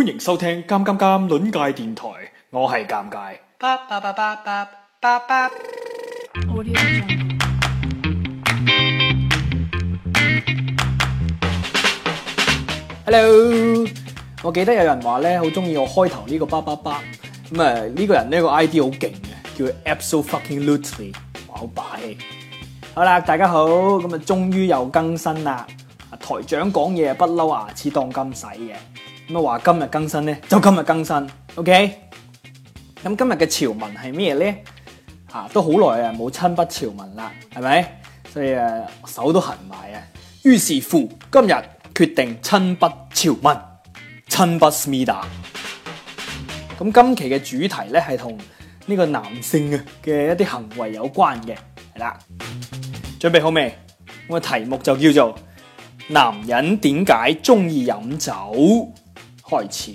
歡迎收聽《尷尷尷》尷尬電台，我係尷尬。巴巴巴巴巴巴，我啲 Hello，我記得有人話咧，好中意我開頭呢個巴巴巴咁啊！呢個人呢個 ID 好勁嘅，叫 Absofuckinglutely，哇，好霸氣！好啦，大家好，咁啊，終於又更新啦。台長講嘢不嬲，牙齒當金使嘅。咁啊！話今日更新咧，就今日更新。O K，咁今日嘅潮文係咩咧？吓都好耐啊，冇親筆潮文啦，係咪？所以誒手都痕埋啊。於是乎，今日決定親筆潮文，親筆 Smida。咁今期嘅主題咧係同呢個男性嘅嘅一啲行為有關嘅係啦。準備好未？我嘅題目就叫做男人點解中意飲酒。開始。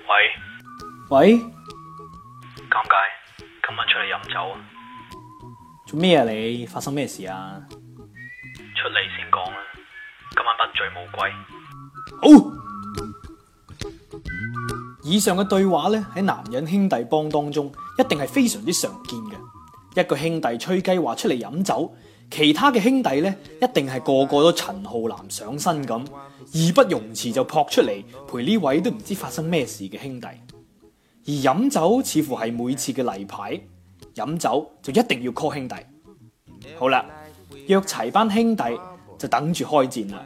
喂喂，尷尬，今晚出嚟飲酒啊，做咩啊你？發生咩事啊？出嚟先講，今晚不醉無歸。好。以上嘅對話咧喺男人兄弟幫當中，一定係非常之常見嘅。一個兄弟吹雞話出嚟飲酒，其他嘅兄弟咧一定係個個都陳浩南上身咁，義不容辭就撲出嚟陪呢位都唔知發生咩事嘅兄弟。而飲酒似乎係每次嘅例牌，飲酒就一定要 call 兄弟。好啦，約齊班兄弟就等住開戰啦。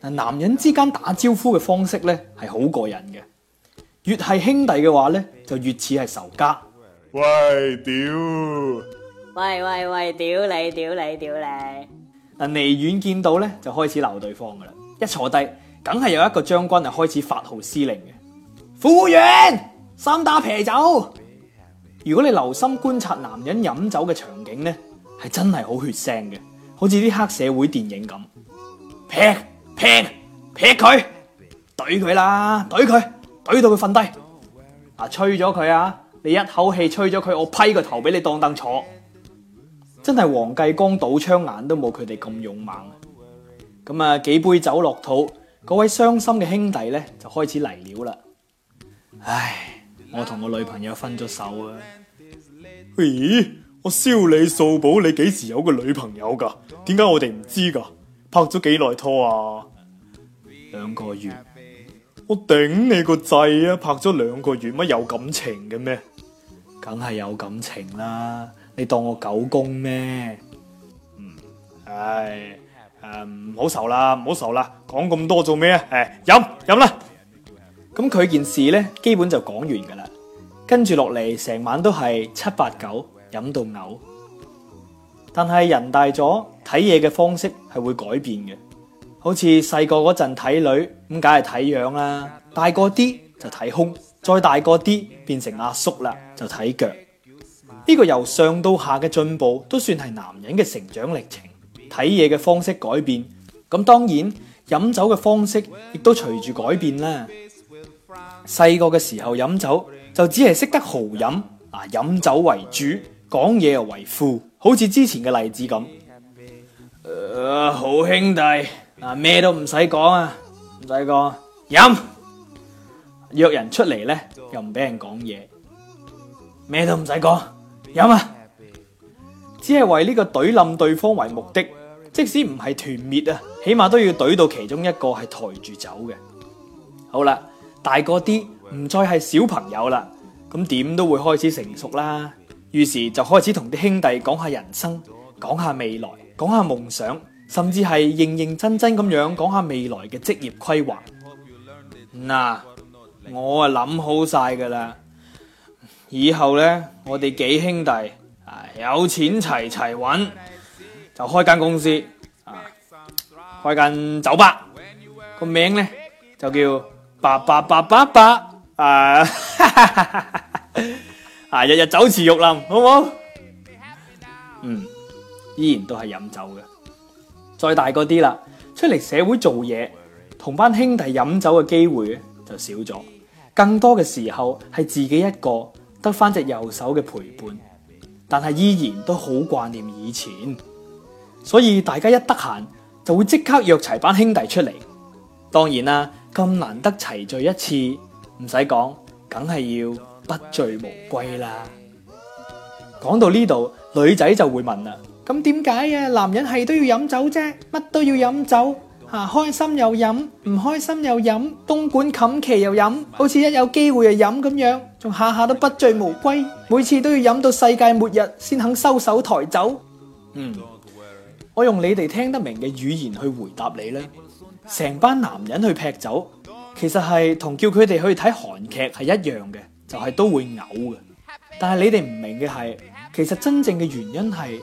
嗱，男人之間打招呼嘅方式咧係好過癮嘅，越係兄弟嘅話咧就越似係仇家。喂屌！喂喂喂屌你屌你屌你！啊離遠見到咧，就開始鬧對方噶啦。一坐低，梗係有一個將軍係開始發號施令嘅。服務員，三打啤酒。如果你留心觀察男人飲酒嘅場景咧，係真係好血腥嘅，好似啲黑社會電影咁。劈劈劈佢，懟佢啦，懟佢，懟到佢瞓低，啊吹咗佢啊！你一口氣吹咗佢，我批個頭俾你當凳坐，真的，真係黃繼光堵槍眼都冇佢哋咁勇猛。咁啊，幾杯酒落肚，嗰位傷心嘅兄弟咧就開始嚟料啦。唉，我同我女朋友分咗手啊。咦，我燒你數寶，你幾時有個女朋友噶？點解我哋唔知噶？拍咗幾耐拖啊？兩個月。我頂你個掣啊！拍咗兩個月乜有感情嘅咩？梗係有感情啦！你當我狗公咩？嗯，唉，誒，唔好愁啦，唔好愁啦，講咁多做咩啊？誒，飲飲啦！咁佢件事咧，基本就講完噶啦。跟住落嚟，成晚都係七八九，飲到嘔。但係人大咗，睇嘢嘅方式係會改變嘅。好似細個嗰陣睇女咁，梗係睇樣啦。大個啲就睇胸，再大個啲變成阿叔啦，就睇腳。呢個由上到下嘅進步都算係男人嘅成長歷程。睇嘢嘅方式改變咁，當然飲酒嘅方式亦都隨住改變啦。細個嘅時候飲酒就只係識得豪飲啊，呃、飲酒為主，講嘢又為副，好似之前嘅例子咁，呃。好兄弟。嗱，咩都唔使講啊，唔使講，飲，約人出嚟咧，又唔俾人講嘢，咩都唔使講，飲啊，只係為呢個懟冧對方為目的，即使唔係團滅啊，起碼都要懟到其中一個係抬住走嘅。好啦，大個啲，唔再係小朋友啦，咁點都會開始成熟啦，於是就開始同啲兄弟講下人生，講下未來，講下夢想。甚至係認認真真咁樣講下未來嘅職業規劃。嗱，我啊諗好晒噶啦，以後咧，我哋幾兄弟啊，有錢齊齊揾，就開間公司啊，開間酒吧，個名咧就叫八八八八八啊，啊日日酒池肉林，好唔好？嗯，依然都係飲酒嘅。再大個啲啦，出嚟社會做嘢，同班兄弟飲酒嘅機會就少咗，更多嘅時候係自己一個，得翻隻右手嘅陪伴，但係依然都好掛念以前，所以大家一得閒就會即刻約齊班兄弟出嚟。當然啦，咁難得齊聚一次，唔使講，梗係要不醉無歸啦。講到呢度，女仔就會問啦。咁點解呀？男人係都要飲酒啫，乜都要飲酒吓，開心又飲，唔開心又飲，東莞冚棋又飲，好似一有機會就飲咁樣，仲下下都不醉無歸，每次都要飲到世界末日先肯收手抬走。嗯，我用你哋聽得明嘅語言去回答你呢，成班男人去劈酒，其實係同叫佢哋去睇韓劇係一樣嘅，就係都會嘔嘅。但係你哋唔明嘅係，其實真正嘅原因係。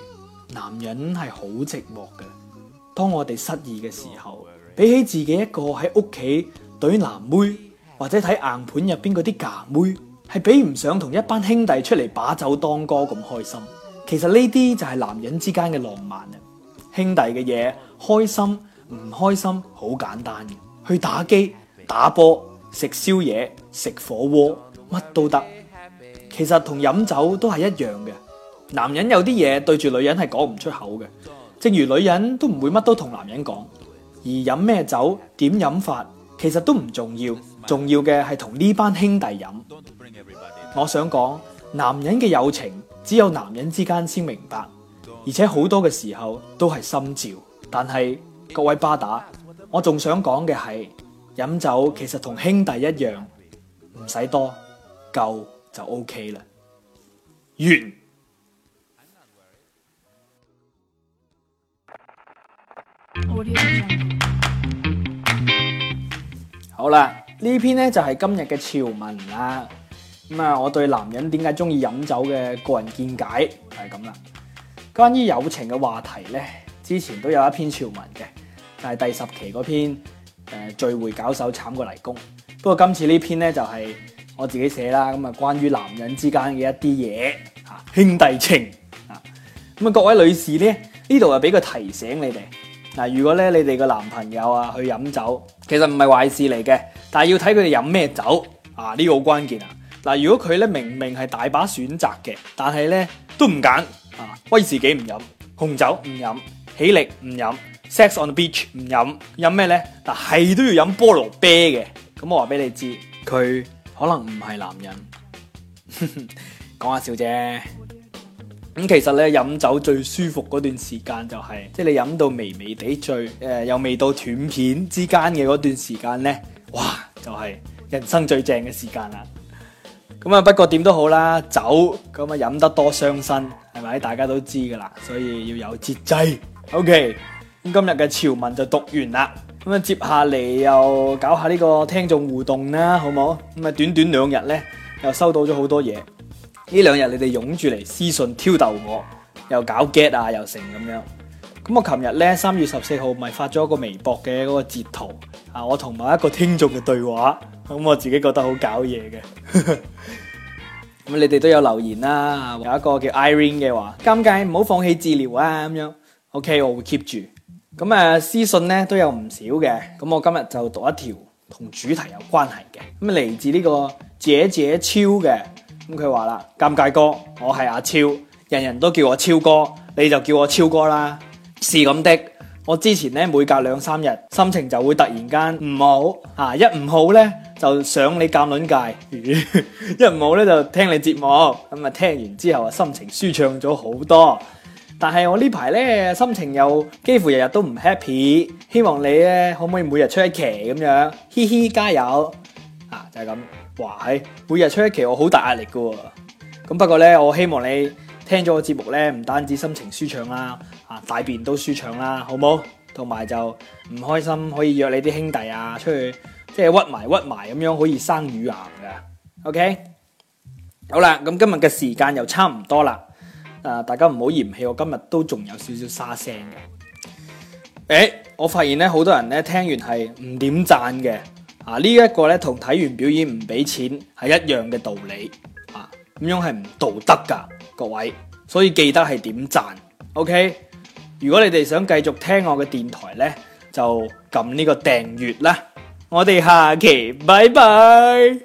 男人係好寂寞嘅，當我哋失意嘅時候，比起自己一個喺屋企懟男妹，或者睇硬盤入邊嗰啲㗎妹，係比唔上同一班兄弟出嚟把酒當歌咁開心。其實呢啲就係男人之間嘅浪漫啊！兄弟嘅嘢，開心唔開心好簡單嘅，去打機、打波、食宵夜、食火鍋，乜都得。其實同飲酒都係一樣嘅。男人有啲嘢對住女人係講唔出口嘅，正如女人都唔會乜都同男人講。而飲咩酒、點飲法，其實都唔重要，重要嘅係同呢班兄弟飲。我想講，男人嘅友情只有男人之間先明白，而且好多嘅時候都係心照。但係各位巴打，我仲想講嘅係飲酒其實同兄弟一樣，唔使多，夠就 OK 啦。完。好啦，呢篇咧就係今日嘅潮文啦。咁啊，我對男人點解中意飲酒嘅個人見解係咁啦。關於友情嘅話題咧，之前都有一篇潮文嘅，但係第十期嗰篇誒、呃、聚會搞手慘過泥工。不過今次呢篇咧就係我自己寫啦。咁啊，關於男人之間嘅一啲嘢吓，兄弟情啊，咁啊，各位女士咧呢度又，俾個提醒你哋。嗱，如果咧你哋個男朋友啊去飲酒，其實唔係壞事嚟嘅，但係要睇佢哋飲咩酒啊，呢個好關鍵啊！嗱，如果佢咧明明係大把選擇嘅，但係咧都唔揀啊，威士忌唔飲紅酒唔飲喜力唔飲 Sex on the Beach 唔飲，飲咩咧？嗱、啊，係都要飲菠蘿啤嘅，咁我話俾你知，佢可能唔係男人，講下笑啫。咁其實咧飲酒最舒服嗰段時間就係，即係你飲到微微地醉，誒又未到斷片之間嘅嗰段時間咧，哇！就係人生最正嘅時間啦。咁啊，不過點都好啦，酒咁啊飲得多傷身，係咪？大家都知噶啦，所以要有節制。OK，咁今日嘅潮文就讀完啦。咁啊，接下嚟又搞下呢個聽眾互動啦，好冇？咁啊，短短兩日咧，又收到咗好多嘢。呢兩日你哋湧住嚟私信挑逗我，又搞 get 啊，又成咁樣。咁我琴日咧三月十四號咪發咗一個微博嘅嗰個截圖啊，我同埋一個聽眾嘅對話，咁我自己覺得好搞嘢嘅。咁 你哋都有留言啦，有一個叫 Irene 嘅話尷尬唔好放棄治療啊，咁樣。OK，我會 keep 住。咁啊，私信咧都有唔少嘅，咁我今日就讀一條同主題有關係嘅，咁嚟自呢個姐姐超嘅。咁佢話啦，尷尬哥，我係阿超，人人都叫我超哥，你就叫我超哥啦，是咁的。我之前咧每隔兩三日，心情就會突然間唔好，啊、一唔好咧就上你鑒論界，一唔好咧就聽你節目，咁、嗯、啊聽完之後啊心情舒暢咗好多。但係我呢排咧心情又幾乎日日都唔 happy，希望你咧可唔可以每日出一期咁樣，嘻嘻加油，啊就係、是、咁。哇，每日出一期我好大壓力噶喎，咁不過咧，我希望你聽咗我節目咧，唔單止心情舒暢啦，啊大便都舒暢啦，好冇？同埋就唔開心可以約你啲兄弟啊出去，即係屈埋屈埋咁樣可以生乳癌㗎。OK，好啦，咁今日嘅時間又差唔多啦，誒大家唔好嫌棄我今日都仲有少少沙聲嘅。誒、欸、我發現咧好多人咧聽完係唔點讚嘅。啊！這個、呢一個咧同睇完表演唔俾錢係一樣嘅道理啊，咁樣係唔道德噶，各位，所以記得係點贊，OK？如果你哋想繼續聽我嘅電台咧，就撳呢個訂閱啦，我哋下期拜拜。